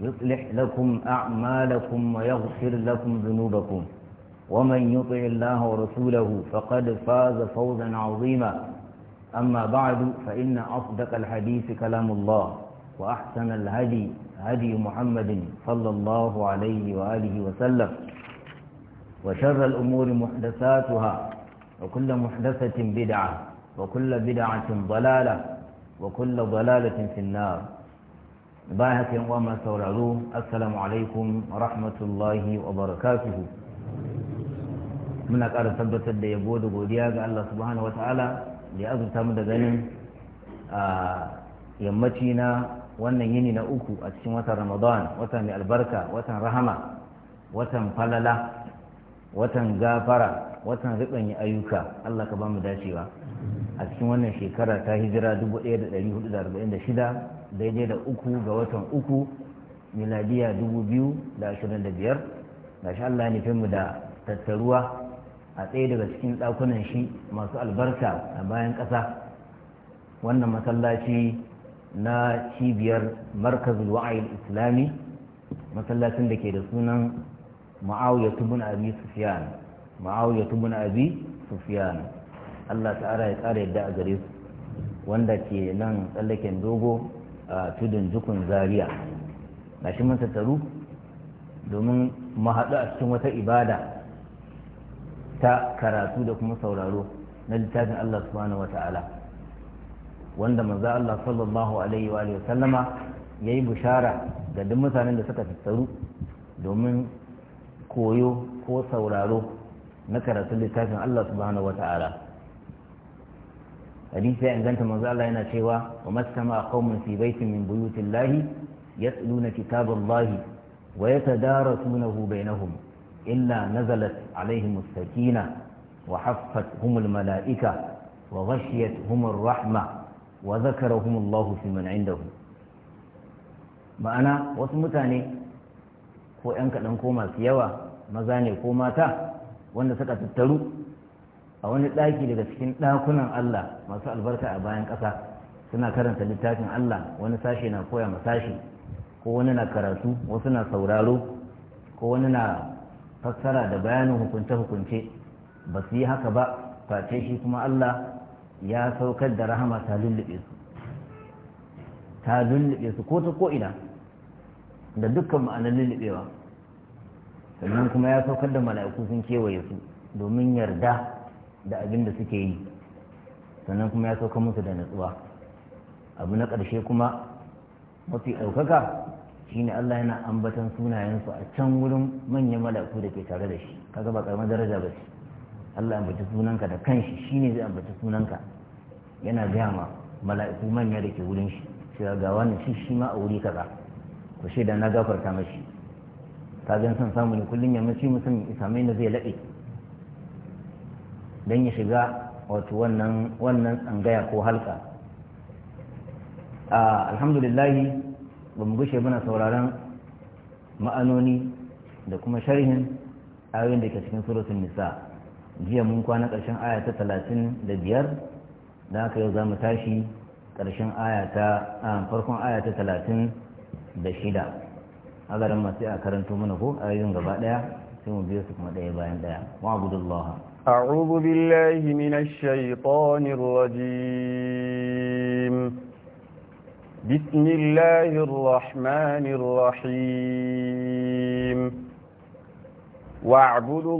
يصلح لكم أعمالكم ويغفر لكم ذنوبكم ومن يطع الله ورسوله فقد فاز فوزا عظيما أما بعد فإن أصدق الحديث كلام الله وأحسن الهدي هدي محمد صلى الله عليه وآله وسلم وشر الأمور محدثاتها وكل محدثة بدعة وكل بدعة ضلالة وكل ضلالة في النار baya haka yan masu sauraro assalamu alaikum rahmatullahi wa barakatuhu muna ƙara tabbatar da yabo da godiya ga Allah subhanahu wa ta'ala da ya azurta mu da ganin a yammaci na wannan yini na uku a cikin watan ramadan watan mai albarka watan rahama watan falala watan gafara watan riɓanya ayyuka Allah ka ba mu dacewa a cikin wannan shekara ta hijira 1446 daidai da uku ga watan uku miladiya 2025 ga sha Allah mu da tattaruwa a tsaye daga cikin ɗakunan shi masu albarka a bayan ƙasa wannan masallaci na cibiyar markazul wa'ayil islami masallacin da ke da sunan ma'awiyatu tubun abi abi sufyan Allah ta'ala ya ƙara yadda a gare su wanda ke nan tsallaken dogo a tudun jukun zaria na shi mun tattaru domin mu haɗu a cikin wata ibada ta karatu da kuma sauraro na littafin Allah subhanahu ta'ala wanda manzo Allah sallallahu alaihi wa sallama yayi bushara ga duk mutanen da suka tattaru domin koyo ko sauraro na karatun littafin Allah subhanahu ta'ala hadisi ya inganta manzo Allah yana cewa wa mastama qaumun fi baitin min buyutillahi yatluna kitaballahi wa yatadarasunahu bainahum illa nazalat alaihim as-sakina wa haffathum humul malaika wa ghashiyatuhum ar-rahma wa dhakarahum Allahu fi man 'indahu ma'ana wasu mutane ko 'yan kaɗan ko masu yawa maza ne ko mata wanda suka tattaru a wani ɗaki daga cikin ɗakunan Allah masu albarka a bayan ƙasa suna karanta littafin Allah wani sashe na koya ma sashe ko wani na karatu wasu na sauraro ko wani na fassara da bayanin hukunce-hukunce ba su yi haka ba face shi kuma Allah ya saukar da rahama ta lullube su ta lullube su ko ta ko'ina da dukkan ma'anar lullubewa sannan kuma ya saukar da mala'iku sun kewaye su domin yarda da abin da suke yi sannan kuma ya sauka musu da natsuwa abu na ƙarshe kuma mafi ɗaukaka shine Allah yana ambatan sunayensu a can wurin manyan mala'iku da ke tare da shi kaga ba karamar daraja ba ce Allah ambaci sunanka da kanshi shine zai ambaci sunanka yana gaya ma mala'iku manya da ke wurin shi cewa ga wannan shi shi ma a wuri kaza ko shaida na gafarta mashi ka gan san samu ne kullum ya mace isa isamai na zai laɗe don ya shiga wato wannan tsangaya ko halka a alhamdulillahi ba mu gushe muna sauraron ma'anoni da kuma sharhin ayoyin da ke cikin suratun nisa jiya mun kwana ƙarshen aya ta talatin da biyar da haka yau za mu tashi ƙarshen aya ta farkon aya ta talatin da shida agarin masu a karanto mana ko ayoyin gaba ɗaya ثم بيوتكم دائما دائما واعبد الله أعوذ بالله من الشيطان الرجيم بسم الله الرحمن الرحيم واعبدوا